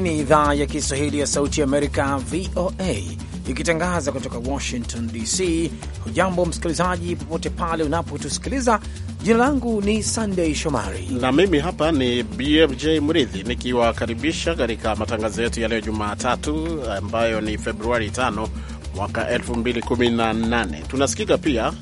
Hii ni idhaa ya Kiswahili ya Sauti ya Amerika, VOA, ikitangaza kutoka Washington DC. Hujambo msikilizaji, popote pale unapotusikiliza. Jina langu ni sandey Shomari na mimi hapa ni BMJ Mridhi nikiwakaribisha katika matangazo yetu ya leo Jumatatu, ambayo ni Februari 5 mwaka 2018. Tunasikika pia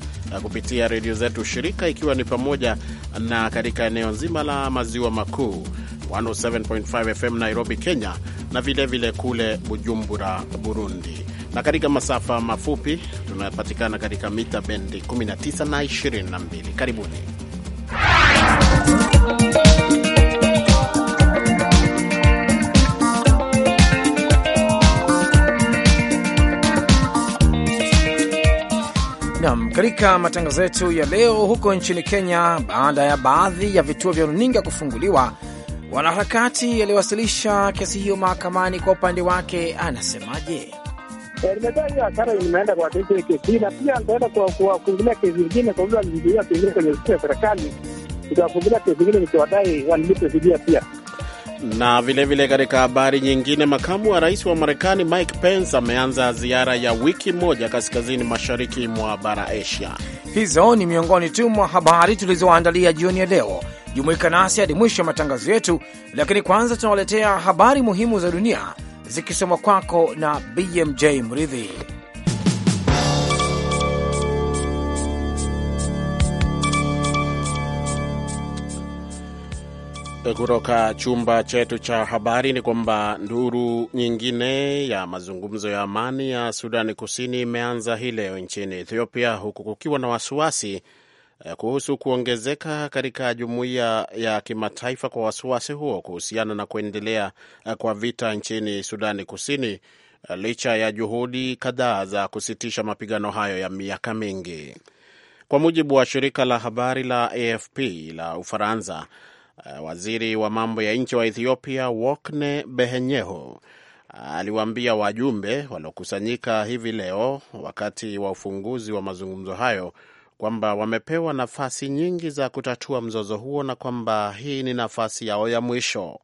kupitia redio zetu shirika, ikiwa ni pamoja na katika eneo nzima la maziwa makuu 107.5 FM Nairobi, Kenya, na vilevile vile kule Bujumbura, Burundi, na katika masafa mafupi tunapatikana katika mita bendi 19 na 22. Karibuni nam katika matangazo yetu ya leo. Huko nchini Kenya, baada ya baadhi ya vituo vya runinga kufunguliwa Wanaharakati aliyowasilisha kesi hiyo mahakamani kwa upande wake anasemaje? Limetaja eh, hasara imeenda kwa kesi hii, na pia nitaenda kesi zingine kwa vile pengine kwenye ofisi ya serikali, nitawafungulia kesi zingine nikiwadai fidia pia. Na vilevile katika habari nyingine, makamu wa rais wa Marekani Mike Pence ameanza ziara ya wiki moja kaskazini mashariki mwa bara Asia. Hizo ni miongoni tu mwa habari tulizoandalia jioni ya leo. Jumuika nasi hadi mwisho ya matangazo yetu, lakini kwanza tunawaletea habari muhimu za dunia zikisomwa kwako na BMJ Mridhi. Kutoka chumba chetu cha habari ni kwamba nduru nyingine ya mazungumzo ya amani ya Sudani Kusini imeanza hii leo nchini Ethiopia, huku kukiwa na wasiwasi Eh, kuhusu kuongezeka katika jumuiya ya kimataifa kwa wasiwasi huo kuhusiana na kuendelea eh, kwa vita nchini Sudani Kusini eh, licha ya juhudi kadhaa za kusitisha mapigano hayo ya miaka mingi. Kwa mujibu wa shirika la habari la AFP la Ufaransa, waziri wa mambo ya nje wa Ethiopia Wokne Behenyeho aliwaambia wajumbe waliokusanyika hivi leo wakati wa ufunguzi wa mazungumzo hayo kwamba wamepewa nafasi nyingi za kutatua mzozo huo na kwamba hii ni nafasi yao ya mwisho.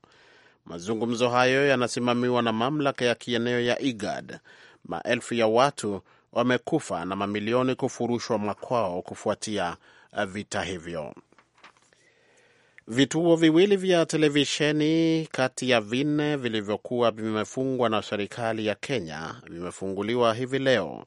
Mazungumzo hayo yanasimamiwa na mamlaka ya kieneo ya IGAD. Maelfu ya watu wamekufa na mamilioni kufurushwa makwao kufuatia eh, vita hivyo. Vituo viwili vya televisheni kati ya vinne vilivyokuwa vimefungwa na serikali ya Kenya vimefunguliwa hivi leo.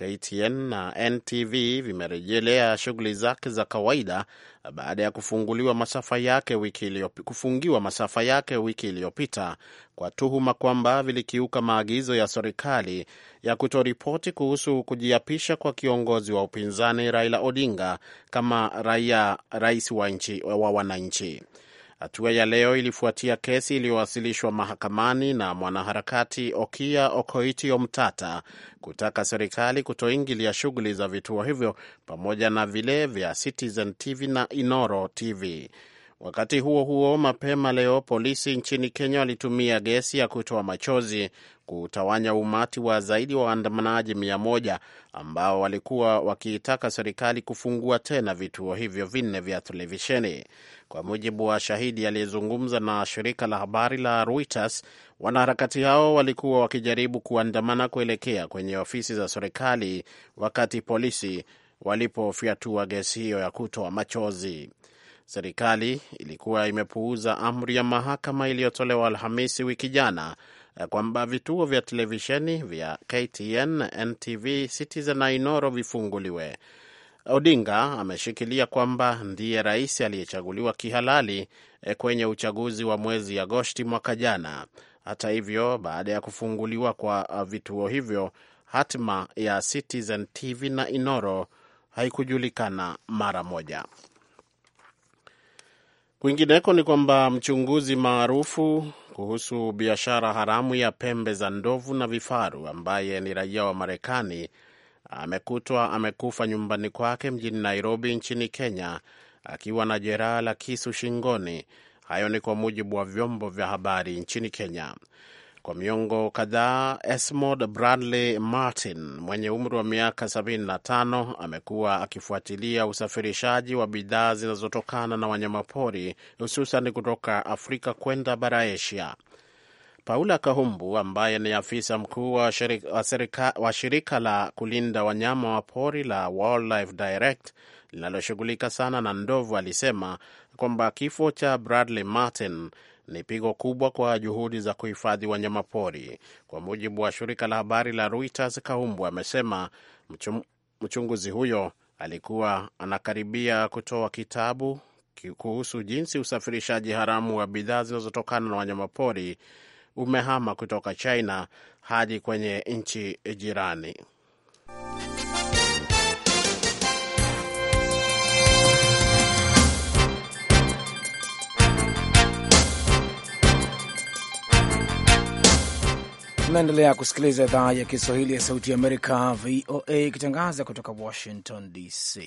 KTN na NTV vimerejelea shughuli zake za kawaida baada ya kufunguliwa masafa yake wiki iliyopita, kufungiwa masafa yake wiki iliyopita kwa tuhuma kwamba vilikiuka maagizo ya serikali ya kutoripoti kuhusu kujiapisha kwa kiongozi wa upinzani Raila Odinga kama raia rais wa nchi wa wananchi. Hatua ya leo ilifuatia kesi iliyowasilishwa mahakamani na mwanaharakati Okia Okoiti Omtata kutaka serikali kutoingilia shughuli za vituo hivyo pamoja na vile vya Citizen TV na Inoro TV. Wakati huo huo, mapema leo polisi nchini Kenya walitumia gesi ya kutoa machozi kutawanya umati wa zaidi wa waandamanaji mia moja ambao walikuwa wakiitaka serikali kufungua tena vituo hivyo vinne vya televisheni. Kwa mujibu wa shahidi aliyezungumza na shirika la habari la Reuters, wanaharakati hao walikuwa wakijaribu kuandamana kuelekea kwenye ofisi za serikali wakati polisi walipofyatua gesi hiyo ya kutoa machozi. Serikali ilikuwa imepuuza amri ya mahakama iliyotolewa Alhamisi wiki jana eh, kwamba vituo vya televisheni vya KTN, NTV, Citizen na Inoro vifunguliwe. Odinga ameshikilia kwamba ndiye rais aliyechaguliwa kihalali eh, kwenye uchaguzi wa mwezi Agosti mwaka jana. Hata hivyo, baada ya kufunguliwa kwa eh, vituo hivyo, hatima ya Citizen TV na Inoro haikujulikana mara moja. Kwingineko ni kwamba mchunguzi maarufu kuhusu biashara haramu ya pembe za ndovu na vifaru ambaye ni raia wa Marekani amekutwa amekufa nyumbani kwake mjini Nairobi nchini Kenya akiwa na jeraha la kisu shingoni. Hayo ni kwa mujibu wa vyombo vya habari nchini Kenya. Kwa miongo kadhaa, Esmod Bradley Martin mwenye umri wa miaka 75 amekuwa akifuatilia usafirishaji wa bidhaa zinazotokana na wanyamapori hususan kutoka Afrika kwenda bara Asia. Paula Kahumbu ambaye ni afisa mkuu wa shirika, wa shirika la kulinda wanyama wa pori la Wildlife Direct linaloshughulika sana na ndovu alisema kwamba kifo cha Bradley Martin ni pigo kubwa kwa juhudi za kuhifadhi wanyamapori. Kwa mujibu wa shirika la habari la Reuters, Kaumbwe amesema mchunguzi huyo alikuwa anakaribia kutoa kitabu kuhusu jinsi usafirishaji haramu wa bidhaa zinazotokana na wanyamapori umehama kutoka China hadi kwenye nchi jirani. Tunaendelea kusikiliza idhaa ya Kiswahili ya Sauti ya Amerika, VOA, ikitangaza kutoka Washington DC.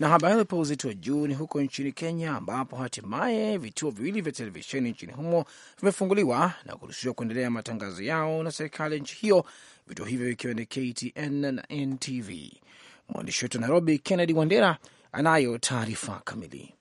Na habari pa uzito wa juu ni huko nchini Kenya, ambapo hatimaye vituo viwili vya televisheni nchini humo vimefunguliwa na kuruhusiwa kuendelea matangazo yao na serikali ya nchi hiyo, vituo hivyo vikiwa ni KTN na NTV. Mwandishi wetu Nairobi, Kennedy Wandera, anayo taarifa kamili.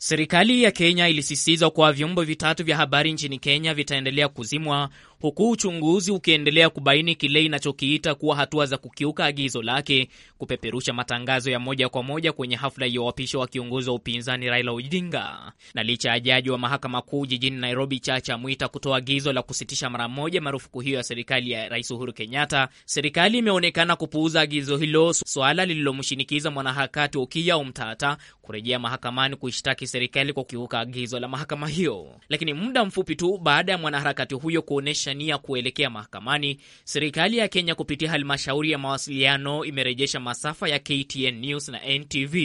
Serikali ya Kenya ilisisitiza kuwa vyombo vitatu vya habari nchini Kenya vitaendelea kuzimwa huku uchunguzi ukiendelea kubaini kile inachokiita kuwa hatua za kukiuka agizo lake kupeperusha matangazo ya moja kwa moja kwenye hafla ya uapisho wa kiongozi wa upinzani Raila Odinga. Na licha ya jaji wa mahakama kuu jijini Nairobi Chacha Mwita kutoa agizo la kusitisha mara moja marufuku hiyo ya serikali ya Rais Uhuru Kenyatta, serikali imeonekana kupuuza agizo hilo, swala lililomshinikiza mwanaharakati Okiya mtata kurejea mahakamani kuishtaki serikali kwa kukiuka agizo la mahakama hiyo. Lakini muda mfupi tu baada ya mwanaharakati huyo kuonesha kuonyesha nia kuelekea mahakamani, serikali ya Kenya kupitia halmashauri ya mawasiliano imerejesha masafa ya KTN News na NTV,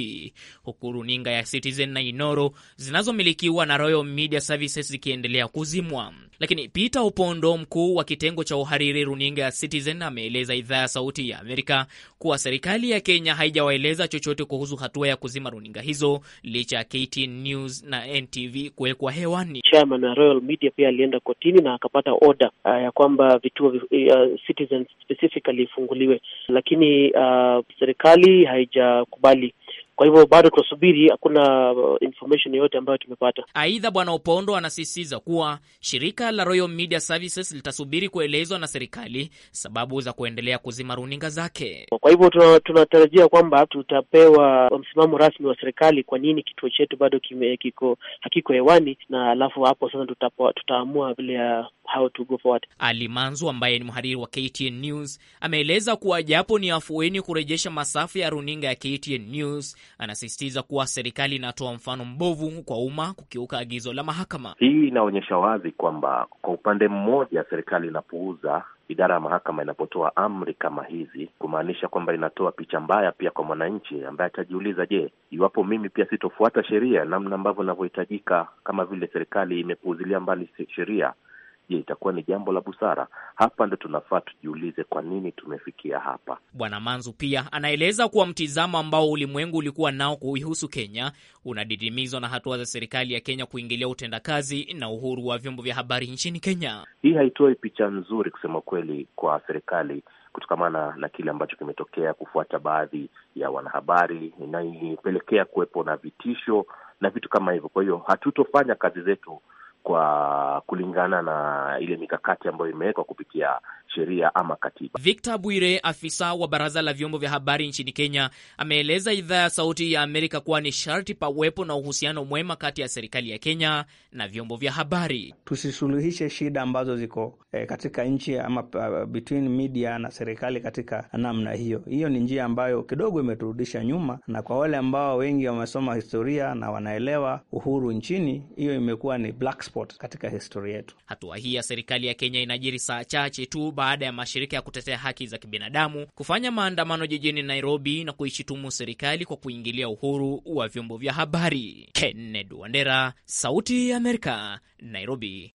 huku runinga ya Citizen na Inoro zinazomilikiwa na Royal Media Services zikiendelea kuzimwa. Lakini Peter upondo mkuu wa kitengo cha uhariri runinga ya Citizen, ameeleza idhaa ya Sauti ya Amerika kuwa serikali ya Kenya haijawaeleza chochote kuhusu hatua ya kuzima runinga hizo licha ya KTN News na NTV kuwekwa hewani. Chairman wa Royal Media pia alienda kotini na akapata oda uh, ya kwamba vituo uh, citizens specifically ifunguliwe, lakini uh, serikali haijakubali kwa hivyo bado tunasubiri, hakuna uh, information yoyote ambayo tumepata. Aidha, Bwana Opondo anasisitiza kuwa shirika la Royal Media Services litasubiri kuelezwa na serikali sababu za kuendelea kuzima runinga zake. Kwa hivyo tunatarajia tuna kwamba tutapewa uh, msimamo rasmi wa serikali, kwa nini kituo chetu bado kime, kiko hakiko hewani, na alafu hapo sasa tutaamua vile ya uh, how to go forward. Ali Manzu ambaye ni mhariri wa KTN News ameeleza kuwa japo ni afueni kurejesha masafa ya runinga ya KTN News Anasisitiza kuwa serikali inatoa mfano mbovu kwa umma kukiuka agizo la mahakama. Hii inaonyesha wazi kwamba kwa upande mmoja serikali inapuuza idara ya mahakama inapotoa amri kama hizi, kumaanisha kwamba inatoa picha mbaya pia kwa mwananchi ambaye atajiuliza, je, iwapo mimi pia sitofuata sheria namna ambavyo inavyohitajika, kama vile serikali imepuuzilia mbali sheria, Je, itakuwa ni jambo la busara? Hapa ndo tunafaa tujiulize, kwa nini tumefikia hapa. Bwana Manzu pia anaeleza kuwa mtizamo ambao ulimwengu ulikuwa nao kuihusu Kenya unadidimizwa na hatua za serikali ya Kenya kuingilia utendakazi na uhuru wa vyombo vya habari nchini Kenya. Hii haitoi picha nzuri kusema kweli kwa serikali kutokamana na kile ambacho kimetokea kufuata baadhi ya wanahabari, na ilipelekea kuwepo na vitisho na vitu kama hivyo. Kwa hiyo hatutofanya kazi zetu kwa kulingana na ile mikakati ambayo imewekwa kupitia sheria ama katiba. Victor Bwire, afisa wa baraza la vyombo vya habari nchini Kenya, ameeleza idhaa ya Sauti ya Amerika kuwa ni sharti pawepo na uhusiano mwema kati ya serikali ya Kenya na vyombo vya habari. Tusisuluhishe shida ambazo ziko e, katika nchi ama uh, between media na serikali katika namna hiyo. Hiyo ni njia ambayo kidogo imeturudisha nyuma, na kwa wale ambao wengi wamesoma historia na wanaelewa uhuru nchini, hiyo imekuwa ni black spot katika historia yetu. Hatua hii ya serikali ya Kenya inajiri saa chache tu baada ya mashirika ya kutetea haki za kibinadamu kufanya maandamano jijini Nairobi na kuishitumu serikali kwa kuingilia uhuru wa vyombo vya habari. Kennedy Wandera, Sauti ya Amerika, Nairobi.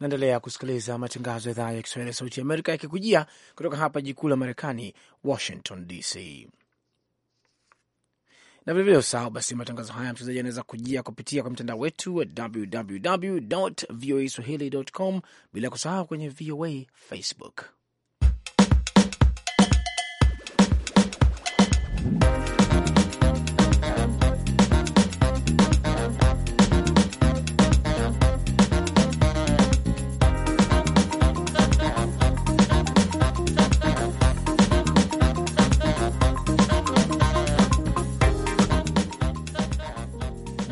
Naendelea kusikiliza matangazo ya idhaa ya Kiswahili ya Sauti ya Amerika yakikujia kutoka hapa jikuu la Marekani, Washington DC na vilevile usahau basi, matangazo haya msikilizaji anaweza kujia kupitia kwa mtandao wetu wa www voa swahili com, bila kusahau kwenye VOA Facebook.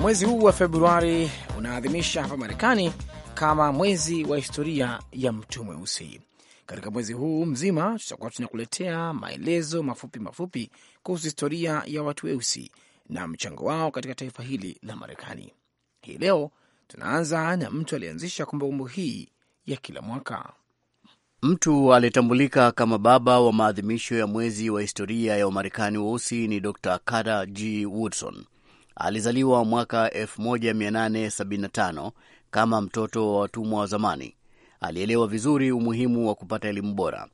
Mwezi huu wa Februari unaadhimisha hapa Marekani kama mwezi wa historia ya mtu mweusi. Katika mwezi huu mzima, tutakuwa tunakuletea maelezo mafupi mafupi kuhusu historia ya watu weusi na mchango wao katika taifa hili la Marekani. Hii leo tunaanza na mtu aliyeanzisha kumbukumbu hii ya kila mwaka, mtu aliyetambulika kama baba wa maadhimisho ya mwezi wa historia ya Wamarekani weusi. Ni Dr. Carter G. Woodson Alizaliwa mwaka 1875 kama mtoto wa watumwa wa zamani. Alielewa vizuri umuhimu wa kupata elimu bora.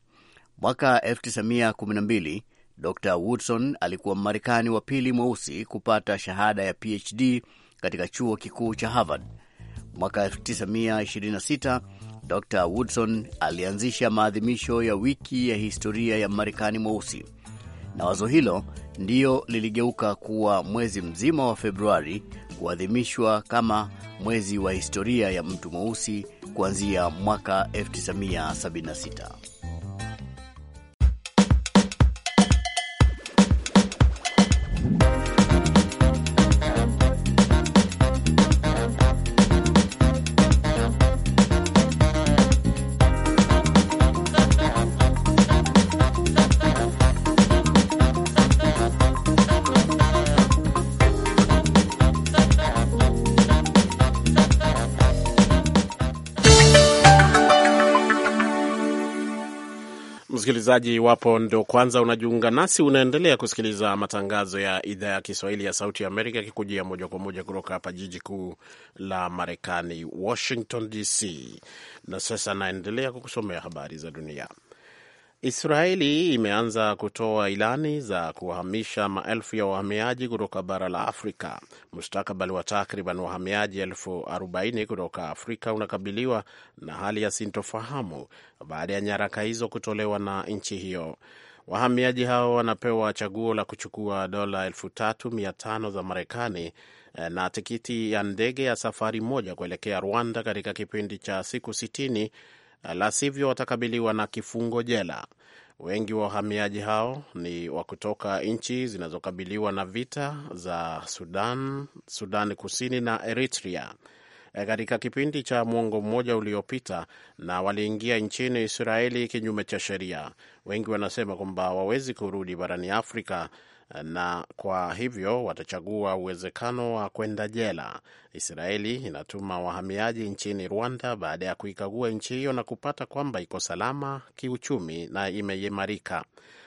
Mwaka 1912 Dr Woodson alikuwa Mmarekani wa pili mweusi kupata shahada ya PhD katika chuo kikuu cha Harvard. Mwaka 1926 Dr Woodson alianzisha maadhimisho ya wiki ya historia ya Mmarekani mweusi na wazo hilo ndiyo liligeuka kuwa mwezi mzima wa Februari kuadhimishwa kama mwezi wa historia ya mtu mweusi kuanzia mwaka 1976. msikilizaji, iwapo ndo kwanza unajiunga nasi, unaendelea kusikiliza matangazo ya idhaa ya Kiswahili ya Sauti ya Amerika yakikujia moja kwa moja kutoka hapa jiji kuu la Marekani, Washington DC. Na sasa naendelea kukusomea habari za dunia. Israeli imeanza kutoa ilani za kuwahamisha maelfu ya wahamiaji kutoka bara la Afrika. Mustakabali wa takriban wahamiaji elfu arobaini kutoka Afrika unakabiliwa na hali ya sintofahamu baada ya nyaraka hizo kutolewa na nchi hiyo. Wahamiaji hao wanapewa chaguo la kuchukua dola elfu tatu mia tano za Marekani eh, na tikiti ya ndege ya safari moja kuelekea Rwanda katika kipindi cha siku sitini la sivyo watakabiliwa na kifungo jela. Wengi wa wahamiaji hao ni wa kutoka nchi zinazokabiliwa na vita za Sudan, Sudan Kusini na Eritrea e, katika kipindi cha mwongo mmoja uliopita, na waliingia nchini Israeli kinyume cha sheria. Wengi wanasema kwamba wawezi kurudi barani Afrika na kwa hivyo watachagua uwezekano wa kwenda jela. Israeli inatuma wahamiaji nchini Rwanda baada ya kuikagua nchi hiyo na kupata kwamba iko salama kiuchumi na imeimarika.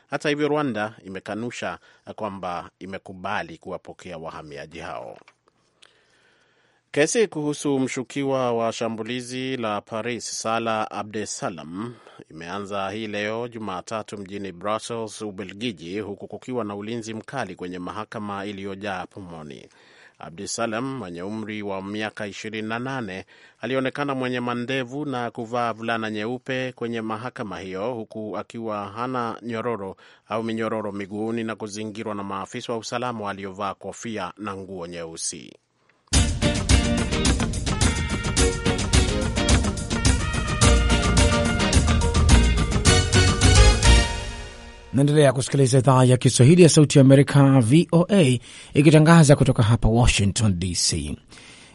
Hata hivyo, Rwanda imekanusha kwamba imekubali kuwapokea wahamiaji hao. Kesi kuhusu mshukiwa wa shambulizi la Paris Salah Abdesalam imeanza hii leo Jumatatu mjini Brussels, Ubelgiji, huku kukiwa na ulinzi mkali kwenye mahakama iliyojaa pomoni. Abdusalam mwenye umri wa miaka 28 alionekana mwenye mandevu na kuvaa vulana nyeupe kwenye mahakama hiyo huku akiwa hana nyororo au minyororo miguuni na kuzingirwa na maafisa wa usalama waliovaa kofia na nguo nyeusi. Naendelea kusikiliza idhaa ya Kiswahili ya Sauti ya Amerika, VOA, ikitangaza kutoka hapa Washington DC.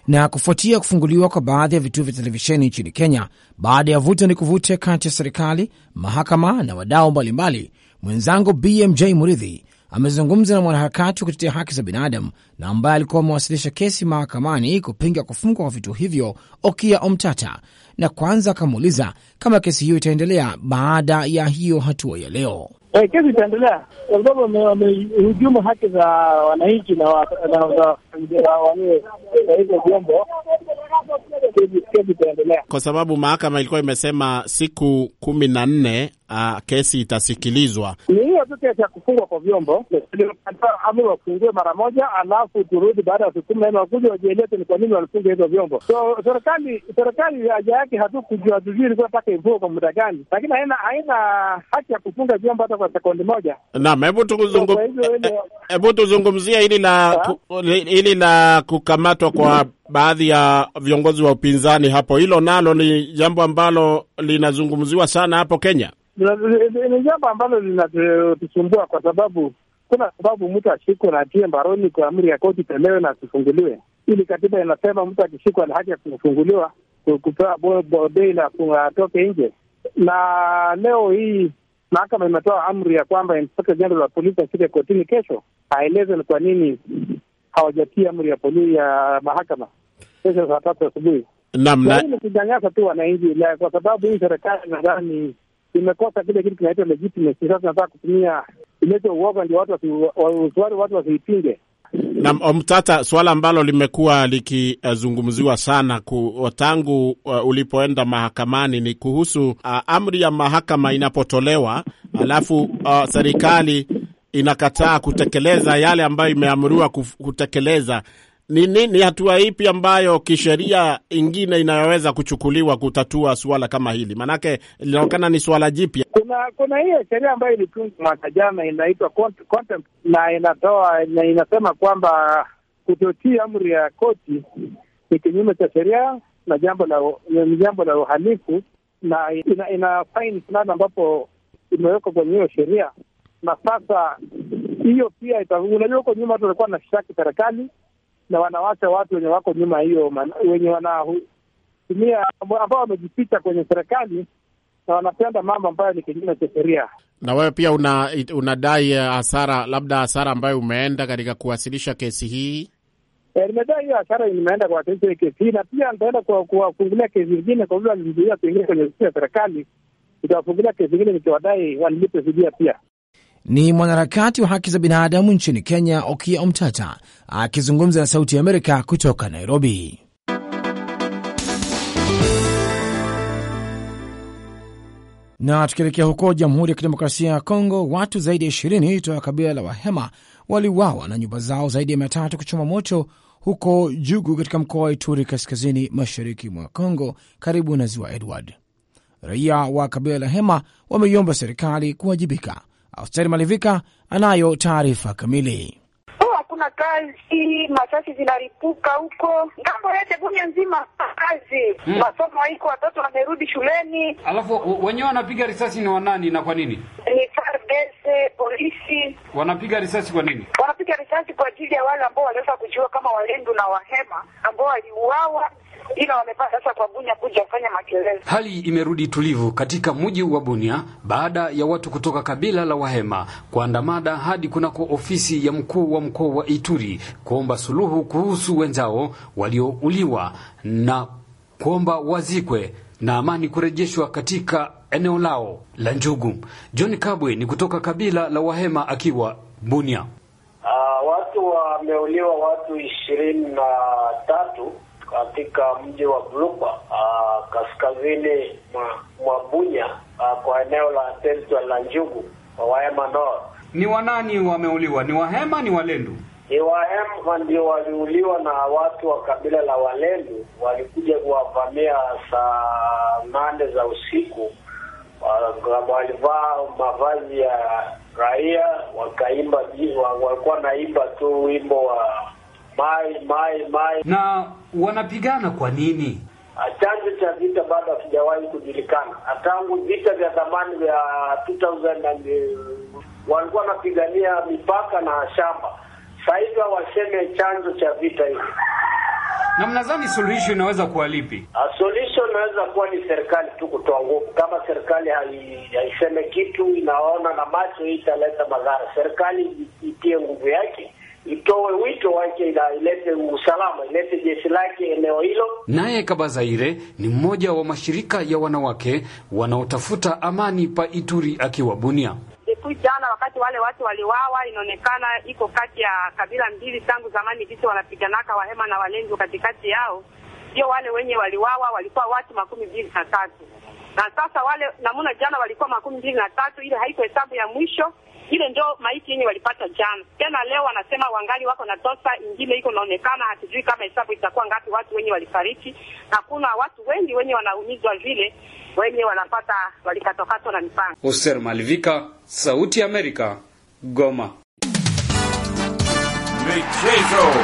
Na kufuatia kufunguliwa kwa baadhi ya vituo vya televisheni nchini Kenya baada ya vuta ni kuvute kati ya serikali, mahakama na wadau mbalimbali, mwenzangu BMJ Muridhi amezungumza na mwanaharakati wa kutetea haki za binadamu na ambaye alikuwa amewasilisha kesi mahakamani kupinga kufungwa kwa vituo hivyo, Okia Omtata, na kwanza akamuuliza kama kesi hiyo itaendelea baada ya hiyo hatua ya leo. E, kesi itaendelea kwa sababu wamehujumu haki za wananchi na hivyo vyombo. Kesi itaendelea kwa sababu mahakama ilikuwa imesema siku kumi na nne ah, kesi itasikilizwa. Ni hiyo tu kesi ya kufungwa kwa vyombo, ama wafungue mara moja, alafu turudi baada ya siku kumi na nne wakuja wajieleze ni kwa nini walifunga hivyo vyombo. So serikali serikali haja yake hatukujua tujui ilikuwa mpaka kwa muda gani, lakini haina haina haki ya kufunga vyombo hata kwa sekondi moja. Naam, hebu tukuzungum... hebu tuzungumzie hili la hili la kukamatwa kwa baadhi ya viongozi wa upinzani hapo. Hilo nalo ni jambo ambalo linazungumziwa sana hapo Kenya, ni jambo ambalo linatusumbua kwa sababu kuna sababu mtu ashikwe na atie mbaroni kwa amri ya koti, tolewe na asifunguliwe, ili katiba inasema mtu akishikwa na haki ya kufunguliwa kupewa bei atoke uh, nje. Na leo hii mahakama imetoa amri ya kwamba inspekta jenerali wa polisi afike kotini kesho aeleze ni kwa nini hawajatia amri ya polisi ya mahakama kesho saa tatu asubuhi. Hii yaani ni kunyanyasa tu wananchi, kwa sababu hii serikali nadhani imekosa kile kitu kinaitwa legitimacy. Sasa nataka kutumia ilete uoga, ndio watu wasiwari, watu wasiipinge na Omtata, um, suala ambalo limekuwa likizungumziwa sana ku, tangu uh, ulipoenda mahakamani ni kuhusu uh, amri ya mahakama inapotolewa alafu uh, serikali inakataa kutekeleza yale ambayo imeamriwa kutekeleza ni, ni, ni hatua ipi ambayo kisheria ingine inayoweza kuchukuliwa kutatua suala kama hili? Maanake linaonekana ni suala jipya. Kuna kuna hiyo sheria ambayo ilitungwa mwaka jana inaitwa contempt, na inatoa na inasema kwamba kutotii amri ya koti ni kinyume cha sheria na jambo la ni jambo la uhalifu, na ina, ina faini fulani ambapo imewekwa kwenye hiyo sheria. Na sasa hiyo pia, unajua, huko nyuma tulikuwa na shaki serikali na wanawacha watu wenye wako nyuma hiyo, wenye wanatumia ambao wamejificha kwenye serikali na wanapenda mambo ambayo ni kinyume cha sheria. Na wewe pia una, unadai eh, hasara, labda hasara ambayo umeenda katika kuwasilisha kesi hii. E, nimedai hiyo hasara nimeenda kuwasilisha kesi hii, na pia nitaenda kuwafungulia kesi zingine kwa vile walizuia kuingia kwenye ofisi ya serikali. Nitawafungulia kesi zingine nikiwadai walilipe fidia pia. Ni mwanaharakati wa haki za binadamu nchini Kenya, Okia Omtata akizungumza na Sauti ya Amerika kutoka Nairobi. Na tukielekea huko Jamhuri ya Kidemokrasia ya Kongo, watu zaidi ya ishirini kutoka kabila la Wahema waliuawa na nyumba zao zaidi ya mia tatu kuchoma moto huko Jugu katika mkoa wa Ituri kaskazini mashariki mwa Kongo karibu na ziwa Edward. Raia wa kabila la Hema wameiomba serikali kuwajibika Austeri Malivika anayo taarifa kamili. Oh, hakuna kazi, masasi zinaripuka huko ngambo yote, Bunia nzima kazi mm. Masomo haiko, watoto wamerudi shuleni. Alafu wenyewe wanapiga risasi ni wanani na kwa nini? Ni FARDC polisi wanapiga risasi kwa nini? Wana kupiga risasi kwa ajili ya wale ambao waliweza kujua kama Walendu na Wahema ambao waliuawa, ila wamepata sasa kwa Bunya kuja kufanya makelele. Hali imerudi tulivu katika mji wa Bunya baada ya watu kutoka kabila la Wahema kuandamana hadi kunako ofisi ya mkuu wa mkoa wa Ituri kuomba suluhu kuhusu wenzao waliouliwa na kuomba wazikwe na amani kurejeshwa katika eneo lao la Njugu. John Kabwe ni kutoka kabila la Wahema akiwa Bunia watu wameuliwa watu ishirini na tatu katika mji wa Blupa ah, kaskazini mwa Bunya ah, kwa eneo la Teltwa la Njugu Wahema North. Ni wanani wameuliwa? Ni Wahema ni Walendu? Ni Wahema ndio waliuliwa na watu wa kabila la Walendu, walikuja kuwavamia saa nane za usiku walivaa mavazi ya raia, wakaimba, walikuwa naimba tu wimbo wa mai mai mai. Na wanapigana kwa nini? Chanzo cha vita bado hakijawahi kujulikana. Tangu vita vya zamani vya 2000 walikuwa wanapigania mipaka na shamba, sasa hivi hawaseme chanzo cha vita hivi. Na mnadhani suluhisho inaweza kuwa lipi? Ah, suluhisho inaweza kuwa ni serikali tu kutoa nguvu. Kama serikali haiseme kitu, inaona na macho, hii italeta madhara. Serikali itie nguvu yake itoe wito wake, ilete usalama, ilete jeshi lake eneo hilo. Naye Kabazaire ni mmoja wa mashirika ya wanawake wanaotafuta amani pa Ituri, akiwa Bunia. Depuis jana wakati wale watu waliwawa, inaonekana iko kati ya kabila mbili tangu zamani, vitu wanapiganaka Wahema na Walendu katikati yao ndio wale wenye waliwawa walikuwa watu makumi mbili na tatu na sasa wale namuna jana walikuwa makumi mbili na tatu. Ile haiko hesabu ya mwisho, ile ndio maiti yenye walipata jana. Tena leo wanasema wangali wako na tosa ingine iko naonekana, hatujui kama hesabu itakuwa ngapi watu wenye walifariki, na kuna watu wengi wenye wanaumizwa vile wenye wanapata walikatokatwa na mipanga. Malivika, Sauti Amerika, Goma. Michezo.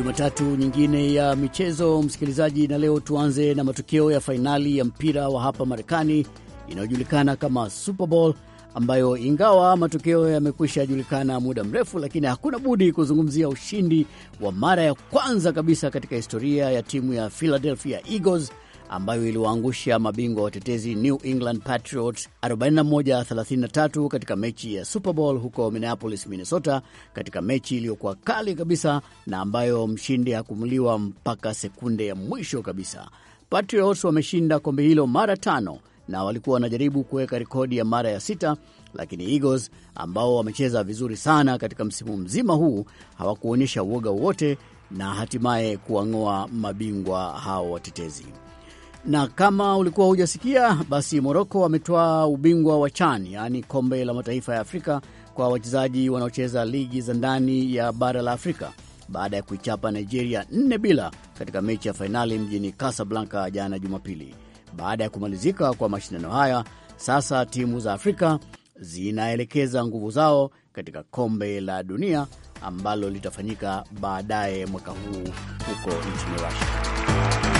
Jumatatu nyingine ya michezo, msikilizaji, na leo tuanze na matokeo ya fainali ya mpira wa hapa Marekani inayojulikana kama Super Bowl ambayo ingawa matokeo yamekwisha julikana muda mrefu, lakini hakuna budi kuzungumzia ushindi wa mara ya kwanza kabisa katika historia ya timu ya Philadelphia Eagles ambayo iliwaangusha mabingwa watetezi New England Patriots 41-33 katika mechi ya Super Bowl huko Minneapolis, Minnesota, katika mechi iliyokuwa kali kabisa na ambayo mshindi hakumuliwa mpaka sekunde ya mwisho kabisa. Patriots wameshinda kombe hilo mara tano na walikuwa wanajaribu kuweka rekodi ya mara ya sita, lakini Eagles ambao wamecheza vizuri sana katika msimu mzima huu hawakuonyesha uoga wowote na hatimaye kuwang'oa mabingwa hao watetezi na kama ulikuwa hujasikia, basi Moroko wametoa ubingwa wa CHAN, yaani kombe la mataifa ya Afrika kwa wachezaji wanaocheza ligi za ndani ya bara la Afrika baada ya kuichapa Nigeria nne bila katika mechi ya fainali mjini Casablanca jana Jumapili. Baada ya kumalizika kwa mashindano haya, sasa timu za Afrika zinaelekeza nguvu zao katika kombe la dunia ambalo litafanyika baadaye mwaka huu huko nchini Russia.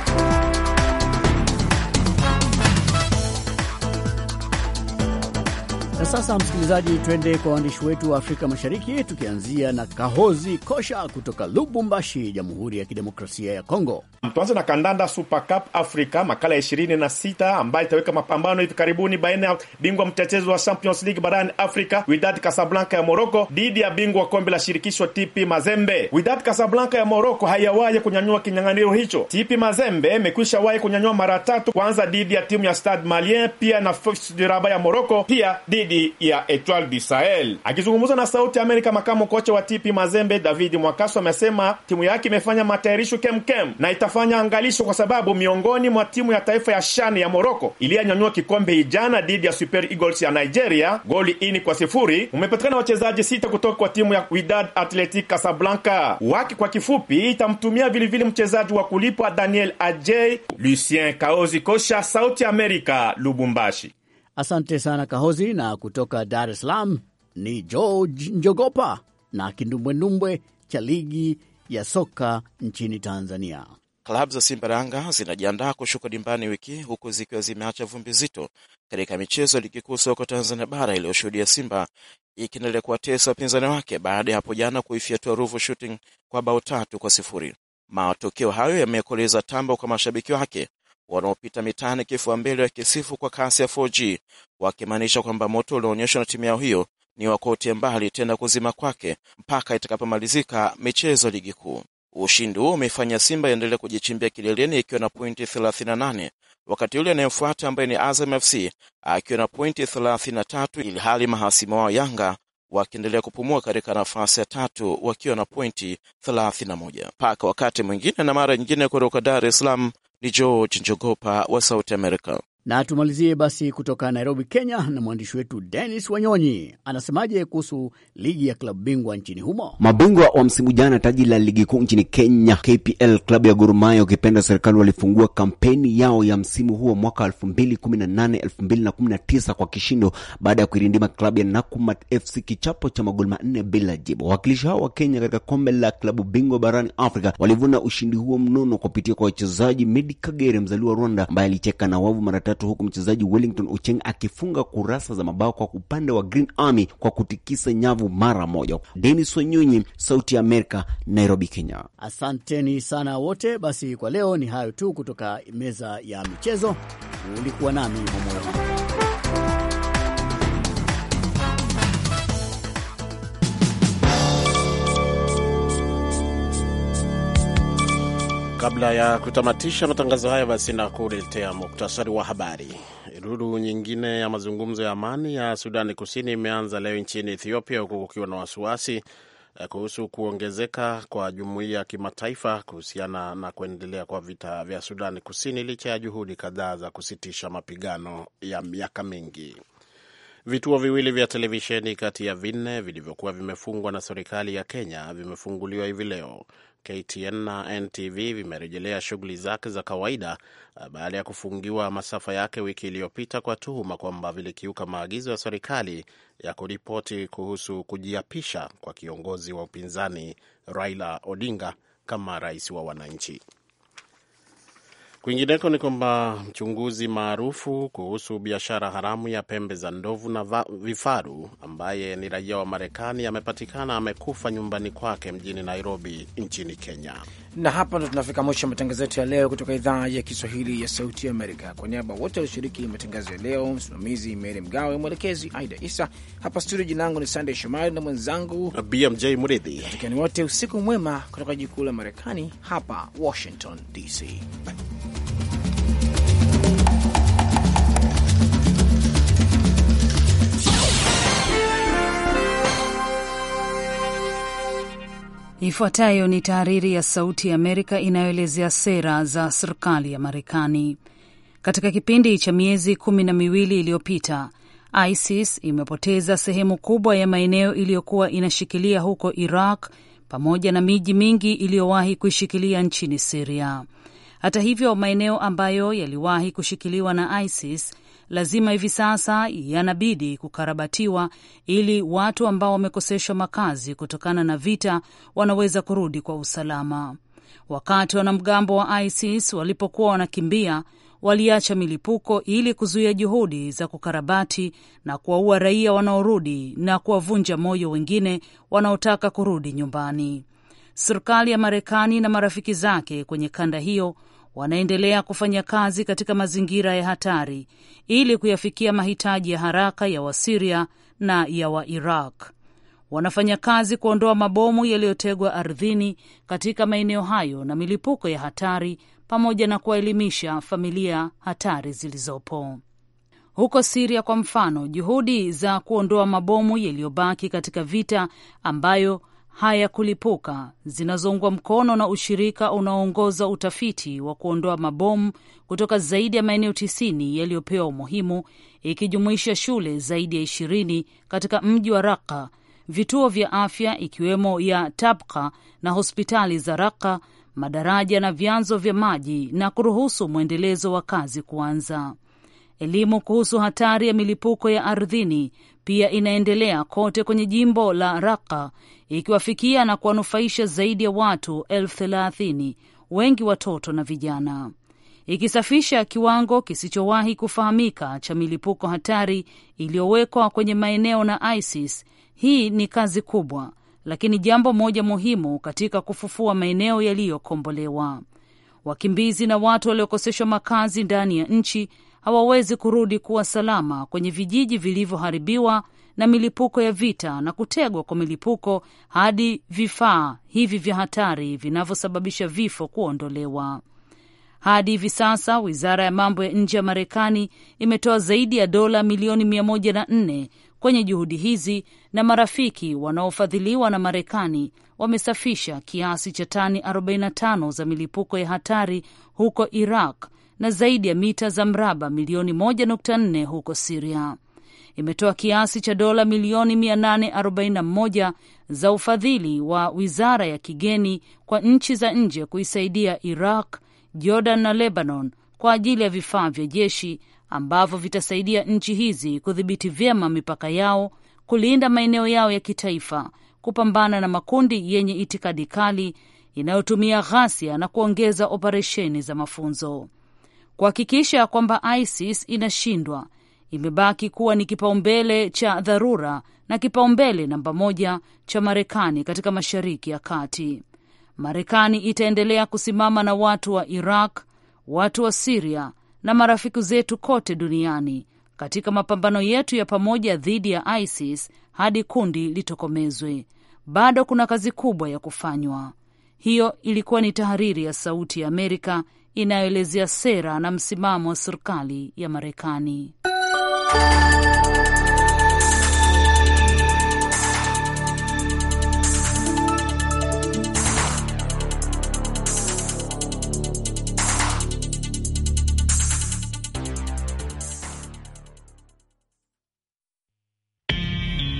sasa msikilizaji, twende kwa waandishi wetu wa Afrika Mashariki, tukianzia na Kahozi Kosha kutoka Lubumbashi, Jamhuri ya Kidemokrasia ya Kongo. Tuanze na kandanda Super Cup Africa, makala ya ishirini na sita ambayo itaweka mapambano hivi karibuni baina ya bingwa mtetezi wa Champions League barani africa Widad Kasablanka ya Moroko dhidi ya bingwa kombe la shirikisho TP Mazembe. Widad Kasablanka ya Moroko haiyawahi kunyanyua kinyang'anyiro hicho. TP Mazembe imekwisha wahi kunyanyua mara tatu, kwanza dhidi ya timu ya Stade Malien, pia na Fes du Rabat ya Moroko, pia dhidi ya Etoile du Sahel. Akizungumza na Sauti ya Amerika, makamu kocha wa TP Mazembe David Mwakaso amesema timu yake imefanya matayarisho kemkem na itafanya angalisho, kwa sababu miongoni mwa timu ya taifa ya shani ya Moroko iliyanyanyua kikombe ijana dhidi ya Super Eagles ya Nigeria goli ini kwa sifuri umepatikana wachezaji sita kutoka kwa timu ya Wydad Athletic Casablanca wake kwa kifupi itamtumia vilevile mchezaji wa kulipwa Daniel Ajay. Lucien Kaozi Kosha, Sauti Amerika, Lubumbashi. Asante sana Kahozi. Na kutoka Dar es Salaam ni George Njogopa na kindumbwendumbwe cha ligi ya soka nchini Tanzania. Klabu za Simba na Yanga zinajiandaa kushuka dimbani wiki, huku zikiwa zimeacha vumbi zito katika michezo ya ligi kuu soka Tanzania bara iliyoshuhudia Simba ikiendelea kuwatesa wapinzani wake baada ya hapo jana kuifyatua Ruvu Shooting kwa bao tatu kwa sifuri. Matokeo hayo yamekoleza tambo kwa mashabiki wake wanaopita mitaani kifua mbele wakisifu kwa kasi ya 4G wakimaanisha kwamba moto ulioonyeshwa na timu yao hiyo ni wa kuotea mbali tena kuzima kwake mpaka itakapomalizika michezo ligi kuu. Ushindi huo umeifanya Simba iendelee kujichimbia kileleni ikiwa na pointi 38 wakati yule anayemfuata ambaye ni Azam FC akiwa na pointi 33 ili hali mahasimu wao Yanga wakiendelea kupumua katika nafasi ya tatu wakiwa na pointi 31. Mpaka wakati mwingine na mara nyingine, kutoka Dar es Salaam, ni George Njogopa wa Sauti america na tumalizie basi kutoka Nairobi, Kenya, na mwandishi wetu Denis Wanyonyi anasemaje kuhusu ligi ya klabu bingwa nchini humo? Mabingwa wa msimu jana taji la ligi kuu nchini Kenya, KPL, klabu ya Gor Mahia ukipenda serikali, walifungua kampeni yao ya msimu huo mwaka 2018 2019 kwa kishindo baada ya kuirindima klabu ya Nakumat FC kichapo cha magoli manne bila jibu. Wawakilishi hao wa Kenya katika kombe la klabu bingwa barani Afrika walivuna ushindi huo mnono kupitia kwa wachezaji Medi Kagere, mzaliwa Rwanda, ambaye alicheka na wavu mara tatu huku mchezaji Wellington Ucheng akifunga kurasa za mabao kwa upande wa Green Army kwa kutikisa nyavu mara moja. Denis Wanyunyi, Sauti ya Amerika, Nairobi, Kenya. Asanteni sana wote. Basi kwa leo ni hayo tu kutoka meza ya michezo. Ulikuwa nami Momoyo. Kabla ya kutamatisha matangazo haya, basi na kuletea muktasari wa habari. Duru nyingine ya mazungumzo ya amani ya Sudani Kusini imeanza leo nchini Ethiopia, huku kukiwa na wasiwasi eh, kuhusu kuongezeka kwa jumuiya ya kimataifa kuhusiana na kuendelea kwa vita vya Sudani Kusini licha ya juhudi kadhaa za kusitisha mapigano ya miaka mingi. Vituo viwili vya televisheni kati ya vinne vilivyokuwa vimefungwa na serikali ya Kenya vimefunguliwa hivi leo. KTN na NTV vimerejelea shughuli zake za kawaida uh, baada ya kufungiwa masafa yake wiki iliyopita kwa tuhuma kwamba vilikiuka maagizo ya serikali ya kuripoti kuhusu kujiapisha kwa kiongozi wa upinzani Raila Odinga kama rais wa wananchi. Kwingineko ni kwamba mchunguzi maarufu kuhusu biashara haramu ya pembe za ndovu na vifaru ambaye ni raia wa Marekani amepatikana amekufa nyumbani kwake mjini Nairobi nchini Kenya. Na hapa ndo tunafika mwisho matangazo yetu ya leo kutoka idhaa ya Kiswahili ya Sauti Amerika. Kwa niaba wote walioshiriki matangazo ya leo, msimamizi Meri Mgawe, mwelekezi Aida Isa hapa studio. Jina langu ni Sandey Shomari na mwenzangu BMJ Mridhi. tukiani wote usiku mwema kutoka jikuu la Marekani hapa Washington DC. Ifuatayo ni tahariri ya Sauti ya Amerika inayoelezea sera za serikali ya Marekani. Katika kipindi cha miezi kumi na miwili iliyopita, ISIS imepoteza sehemu kubwa ya maeneo iliyokuwa inashikilia huko Iraq pamoja na miji mingi iliyowahi kuishikilia nchini Siria. Hata hivyo, maeneo ambayo yaliwahi kushikiliwa na ISIS lazima hivi sasa yanabidi kukarabatiwa ili watu ambao wamekoseshwa makazi kutokana na vita wanaweza kurudi kwa usalama. Wakati wanamgambo wa ISIS walipokuwa wanakimbia, waliacha milipuko ili kuzuia juhudi za kukarabati na kuwaua raia wanaorudi na kuwavunja moyo wengine wanaotaka kurudi nyumbani. Serikali ya Marekani na marafiki zake kwenye kanda hiyo wanaendelea kufanya kazi katika mazingira ya hatari ili kuyafikia mahitaji ya haraka ya Wasiria na ya Wairaq. Wanafanya kazi kuondoa mabomu yaliyotegwa ardhini katika maeneo hayo na milipuko ya hatari pamoja na kuwaelimisha familia hatari zilizopo. Huko Siria kwa mfano, juhudi za kuondoa mabomu yaliyobaki katika vita ambayo haya kulipuka zinazoungwa mkono na ushirika unaoongoza utafiti wa kuondoa mabomu kutoka zaidi ya maeneo tisini yaliyopewa umuhimu ikijumuisha shule zaidi ya ishirini katika mji wa raka vituo vya afya ikiwemo ya tabka na hospitali za raka madaraja na vyanzo vya maji na kuruhusu mwendelezo wa kazi kuanza. Elimu kuhusu hatari ya milipuko ya ardhini pia inaendelea kote kwenye jimbo la Raqqa, ikiwafikia na kuwanufaisha zaidi ya watu elfu thelathini, wengi watoto na vijana, ikisafisha kiwango kisichowahi kufahamika cha milipuko hatari iliyowekwa kwenye maeneo na ISIS. Hii ni kazi kubwa, lakini jambo moja muhimu katika kufufua maeneo yaliyokombolewa. Wakimbizi na watu waliokoseshwa makazi ndani ya nchi hawawezi kurudi kuwa salama kwenye vijiji vilivyoharibiwa na milipuko ya vita na kutegwa kwa milipuko hadi vifaa hivi vya hatari vinavyosababisha vifo kuondolewa. Hadi hivi sasa wizara ya mambo ya nje ya Marekani imetoa zaidi ya dola milioni mia moja na nne kwenye juhudi hizi, na marafiki wanaofadhiliwa na Marekani wamesafisha kiasi cha tani 45 za milipuko ya hatari huko Iraq na zaidi ya mita za mraba milioni 1.4 huko Siria. Imetoa kiasi cha dola milioni 841 za ufadhili wa wizara ya kigeni kwa nchi za nje kuisaidia Iraq, Jordan na Lebanon kwa ajili ya vifaa vya jeshi ambavyo vitasaidia nchi hizi kudhibiti vyema mipaka yao, kulinda maeneo yao ya kitaifa, kupambana na makundi yenye itikadi kali inayotumia ghasia na kuongeza operesheni za mafunzo kuhakikisha kwamba ISIS inashindwa imebaki kuwa ni kipaumbele cha dharura na kipaumbele namba moja cha Marekani katika Mashariki ya Kati. Marekani itaendelea kusimama na watu wa Iraq, watu wa Siria na marafiki zetu kote duniani katika mapambano yetu ya pamoja dhidi ya ISIS hadi kundi litokomezwe. Bado kuna kazi kubwa ya kufanywa. Hiyo ilikuwa ni tahariri ya Sauti ya Amerika inayoelezea sera na msimamo wa serikali ya Marekani.